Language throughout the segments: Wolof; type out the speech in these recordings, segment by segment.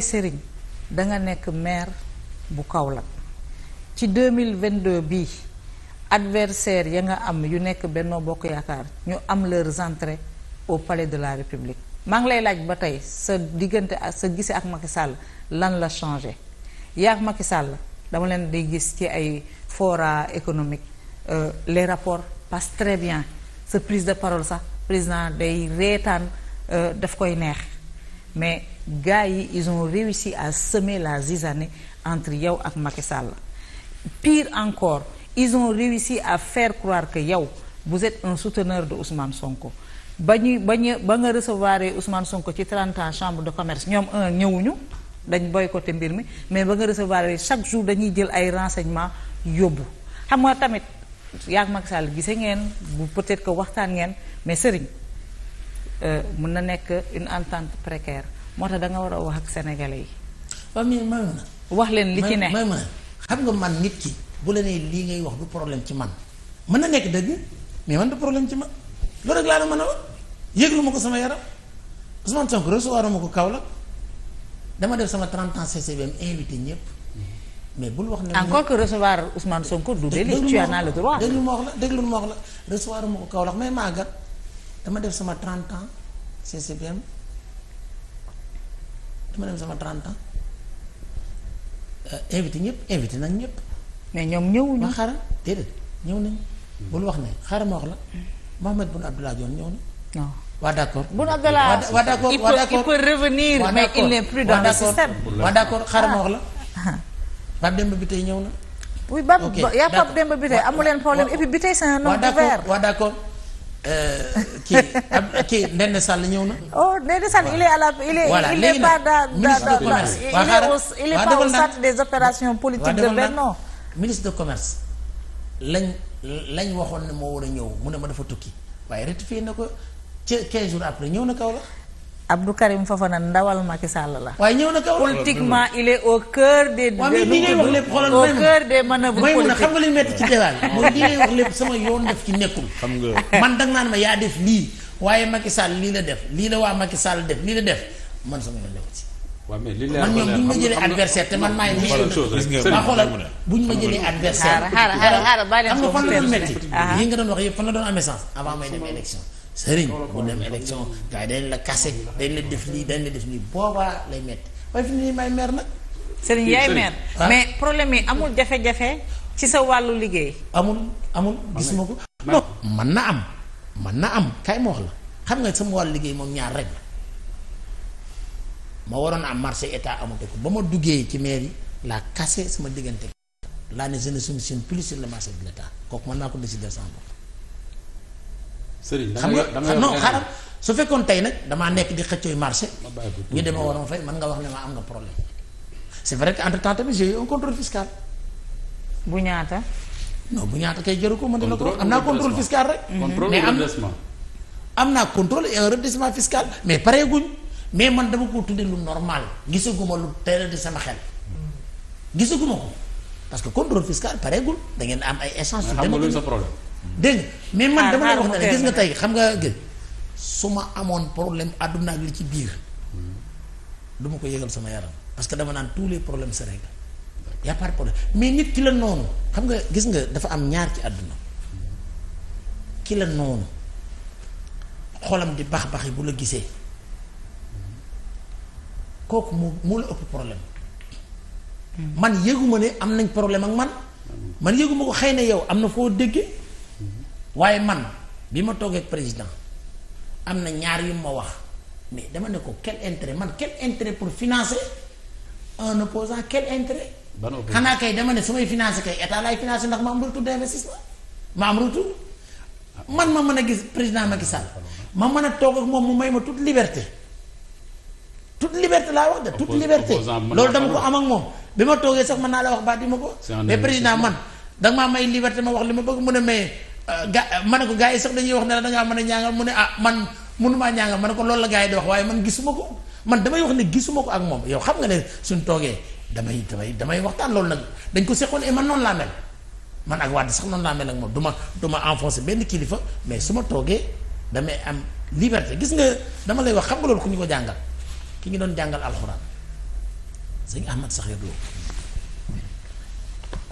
Serigne da nga nekk maire bu kaw Kaolack ci deux mille vingt deux bii adversaire ya nga am yu nekk Benno Bokk Yaakaar ñu am leurs entrées au palais de la République maa ngi lay laaj ba tey sa diggante ak sa gise ak Macky Sall lan la changé yaa ak Macky la dama leen di gis ci ay fora économique euh, les rapports passent très bien sa prise de parole sax président day reetaan euh, daf koy neex gars yi ils ont réussi à semer la zizanie entre yow ak Macky Sall pire encore ils ont réussi à faire croire que yow vous êtes un souteneur de Ousmane Sonko ba ñuy ba ñu ba nga recevoir Ousmane Sonko ci 30 ans chambre de commerce ñoom un ñëwuñu dañ boy boycotté mbir mi mais ba nga recevoir chaque jour dañuy jël ay renseignements yóbbu xam nga tamit yaag Macky Sall gise ngeen bu peut-être que waxtaan ngeen mais sëriñ euh, mun na nekk une entente précaire moo tax da nga war a wax ak sénégalais yi. waaw mais may ma wax leen li ci ne may ma xam nga man nit ki bu la nee lii ngay wax du problème ci man mën na nekk dëgg mais man du problème ci man loolu rek laa la mën a wax yëglu ma ko sama yaram Ousmane Sonko recevoir ma ko Kaolack dama def sama 30 ans CCBM invité ñëpp mais bul wax ne. encore que recevoir Ousmane Sonko du délit tu en as le ma wax la déglu ma wax la recevoir ma ko Kaolack mais màggat dama def sama 30 ans CCBM. ma dem sama 30 ans euh, invité ñëpp invité nañ ñëpp. mais ñoom ñëwuñu. ma xaaral déedéet ñëw nañ bul wax ne xaaral ma la. Mohamed Boun Abdallah Dionne ñëw na. non waa d' accord. Boun Abdallah waa d' accord il peut il peut revenir. mais il n' est plus dans le système. waa d' accord xaaral ma wax la. Pape Demba ñëw na. ok d' accord oui Pape Demba Biteye amu leen problème et puis Biteye c' est un homme waa d' Euh, kii kii Ndeye Sall ñëw na. oh Ndeye il est à la il est il est pas da da il est pas au centre des opérations politiques de Benno. ministre de commerce lañ lañ waxoon ne moo war a ñëw mu ne ma dafa tukki waaye rectifié na ko ca 15 jours après ñëw na kaw la. Abdou Karim Fofana ndawal Macky Sall la. waaye ñëw na kaw politiquement il est au cœur des. des au cœur des manœuvres politiques xam nga li metti ci débat mooy li ngay wax lépp sama yoon def ci nekkul. xam man danga naan ma yaa def lii waaye Macky Sall lii la def lii la waa Macky Sall def lii la def man sama yoon def ci. waaw man ñoom bu ñu ma jëlee adversaire te man maa ngi. ma xoolal bu ñu ma jëlee adversaire. xaaral xaaral xaaral xam nga fan la wax yëpp fan doon amee sens avant may dem élection sëriñ bu dem élection gars yi dañ la kase dañ la def lii dañ la def lii boobaa lay metti waaye fi mu ne may maire nag. sëriñ yaay maire ah. mais problème yi amul jafe-jafe ci sa wàllu liggéey. amul amul gisuma ko. na am mën na am kay ma wax la xam nga sama wàllu liggéey moom ñaar rek ma waroon am marché état amatu ko ba ma duggee ci maire yi la kase sama diggante laa ne je ne soumissionne plus sur le marché de l' état kooku mën naa ko décider sans sëriñ da nga non xaaral su fekkoon tey nag damaa nekk di xëccooy marché. ñu demee waroon fay mën nga wax ne am nga problème. c'est vrai que entre temps tamit j'ai eu un contrôle fiscal. bu ñaata. non bu ñaata kay jëru ko mën na ko am naa contrôle fiscal rek. mais am am naa contrôle et un redressement fiscal mais pareeguñ mais man dama ko tuddee lu normal gisaguma lu teel di sama xel. gisaguma ko parce que contrôle fiscal pareegul da ngeen am ay échanges. su demee xam nga luy problème. dégg ah, mais man dama la wax ne gis nga tey xam nga gën su ma amoon problème àdduna ak li ci biir duma ko yëgal sama yaram parce que dama naan tous les problèmes se règlent y a pas de mais nit ki la noonu xam nga gis nga dafa am ñaar ci àdduna ki la noonu xolam di baax bu la gisee kooku moo moo hmm. man yëguma ne am nañ problème ak man man yëguma ko xëy na yow am na foo déggee waaye man bi ma toogee président am na ñaar yu ma wax mais dama ne ko quel intérêt man quel intérêt pour financer un opposant quel intérêt xanaa kay dama ne su may financer kay état laay financer ndax ma am retour d'investissement ma am man ma mën a gis président Macky Sall ma mën a toog ak moom mu may ma toute liberté toute liberté laa wax de toute loolu dama ko ak moom bi ma toogee sax mën naa la wax baat yi ma ko mais président man danga maa may liberté ma wax li ma bëgg mën a maye Euh, ga euh, ma ne ko gars yi sax dañuy wax ne la da ngaa mën a ñaangal mu ne ah man mënumaa ñaangal ma ne ko loolu la gars yi di wax waaye man gisuma ko man damay wax ne gisuma ko ak moom yow xam nga ne suñ toogee damay damay damay waxtaan loolu nag dañ ko seqoon eh, man noonu laa man ak Wade sax noonu laa mel ak moom du ma du ma enfoncé benn kilifa mais su ma toogee damay am liberté gis nga dama lay wax xam nga loolu ku ñu ko jàngal ki ñu doon jàngal alxuraan sëñ Ahmad Saxiir Lo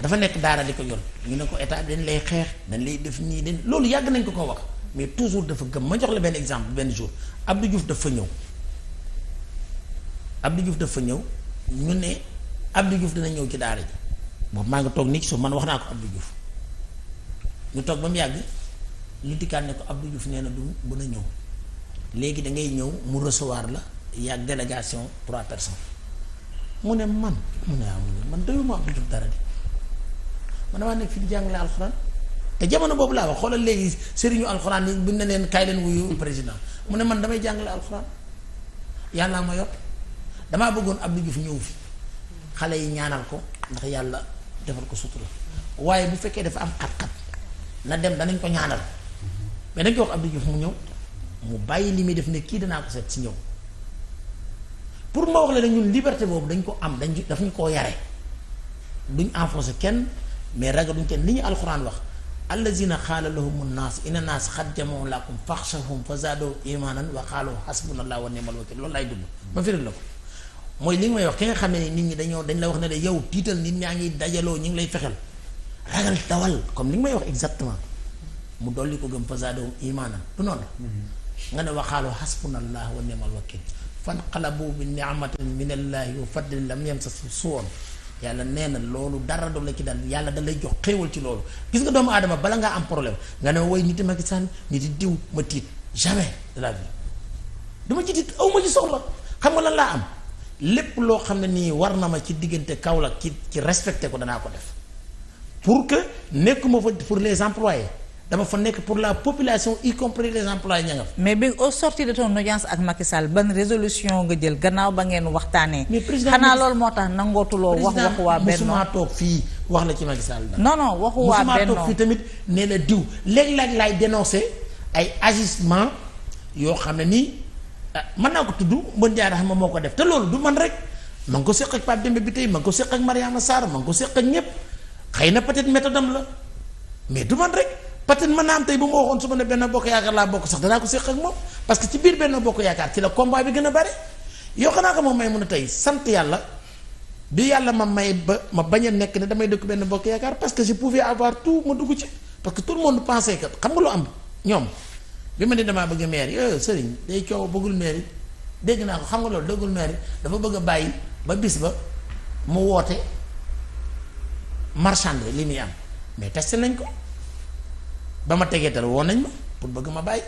dafa nekk daara di ko yoon ñu ne ko état dañ lay xeex dañ lay def nii dañ loolu yàgg nañ ko ko wax mais toujours dafa gëm ma jox la benn exemple benn jour Abdou Diouf dafa ñëw Abdou Diouf dafa ñëw ñu ne Abdou jouf dina ñëw ci daara ji boobu maa ngi toog nii ci suuf man wax naa ko Abdou Diouf ñu toog ba mu yàgg ñu dikkaat ne ko Abdou Diouf nee na du bu na ñëw léegi da ngay ñëw mu recevoir la yàgg délégation trois personnes mu ne man mu ne am ah, mu ne man doyuma Abdou Diouf dara de man damaa nekk fi di jàngale alxuraan te jamono boobu laa wax xoolal léegi sëriñu alxuraan bu bind na leen kaay leen wuyu président mu ne man damay jàngale alxuraan yàllaa ma yor damaa bëggoon ab Abdou Diouf ñëw fi xale yi ñaanal ko ndax yàlla defal ko sutura waaye bu fekkee dafa am xat-xat na dem danañ ko ñaanal mais dañ ko wax Abdou Diouf mu ñëw mu bàyyi li muy def ne kii danaa ko seet si ñëw pour ma wax la ne ñun liberté boobu dañ ko am dañ daf ñu koo yare duñ kenn mais ragaluñ kenn li ñu alxuraan wax allazina xaala lahumu naas inna naas xad jamoo lakum faxshahum fa zaadoo imaanan wa xaalu hasbunallah wa nimal wakil loolu laay dugg ma firil la ko mooy li nga may wax ki nga xam ne nit ñi dañoo dañ la wax ne day yow tiital nit ñaa ngi dajaloo ñu ngi lay fexeel ragal dawal comme li nga may wax exactement mu dolli ko gëm fa zaadoo imaanan du noonu nga ne waxaalu hasbunallah wa nimal wakil fan qalabu bi ni'matin minallahi wa fadlin lam yamsas suwoon yàlla nee na loolu dara du la ci dal yàlla da lay jox xéewal ci loolu gis nga doomu aadama bala ngaa am problème nga ne woy nit Macky Sall nit diw ma tiit jamais de la vie duma ci tiit aw ma ci soxla xam nga lan laa am lépp loo xam ne nii war na ma ci diggante Kaolack ci ci respecté ko danaa ko def pour que nekkuma fa pour les employés dama fa nekk pour la population y compris les employés ña nga fa. mais bi o sorti de ton audience ak Macky Sall ban résolution nga jël gannaaw ba ngeen waxtaanee. mais président xanaa lool moo tax nangootuloo wax waxu waa benn musuma toog fii wax la ci Macky Sall. non non waxu waa benn musuma toog fii tamit nee na diw léeg laaj laay dénoncer ay agissement yoo xam ne nii ah, mën naa ko tudd mën jaara xam moo ko def te loolu du man rek ma ngi ko seq ak Pape Demba bi tey ma ko seq ak Mariama Sarr ma ko seq ak ñëpp xëy na peut-être méthode am la mais du man peut-être naa am tey bu ma waxoon su ma ne benn bokk yaakaar laa bokk sax danaa ko séq ak moom parce que ci biir benn bokk yaakaar ci la combat bi gën a bare yoo xanaa ko moom may mun a tey sant yàlla bi yàlla ma may ba ma bañ a nekk ne damay dëkk benn bokk yaakaar parce que je pouvais avoir tout ma dugg ci parce que tout le monde pensait que xam nga am ñoom bi ma ne damaa bëgg maire yi eh, sëriñ day bëggul maire dégg naa ko xam nga loolu dëggul maire yi dafa bëgg a bàyyi ba bis ba mu woote marchande li muy am mais testé nañ ko. ba ma tegeetal woon nañ ma pour bëgg ma bàyyi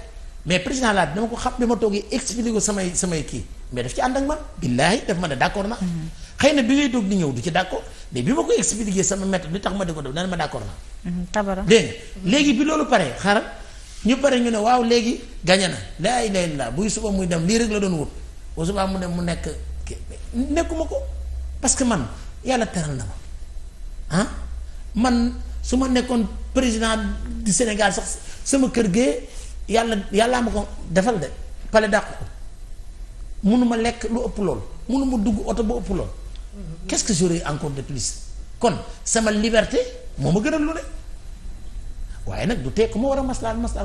mais président laa dama ko xam bi ma toogee expliqué ko samay samay kii mais daf ci ànd ak man billaahi daf ma ne d' na naa. Mhm. xëy na bi ngay doog di ñëw du ci d' accord mais bi ma ko expliqué sama méthode li tax ma di ko def dana ma d' accord naa. Mhm, léegi bi loolu paree xaaral ñu pare ñu ne waaw léegi gañe na laa ilaaha illallaah buy suba muy dem lii rek la doon wut bu subaa mu dem mu nekk nekkuma ko parce que man yàlla teral na ma ah man. su ma nekkoon président du Sénégal sax sama kër gee yàlla yàllaa ma ko defal de pale dàq ko mënuma lekk lu ëpp lool mënuma dugg oto ba ëpp lool qu'est-ce que j'aurais encore de plus kon sama liberté moo ma gënal lu ne waaye nag du tee ku ma war a maslaal maslaal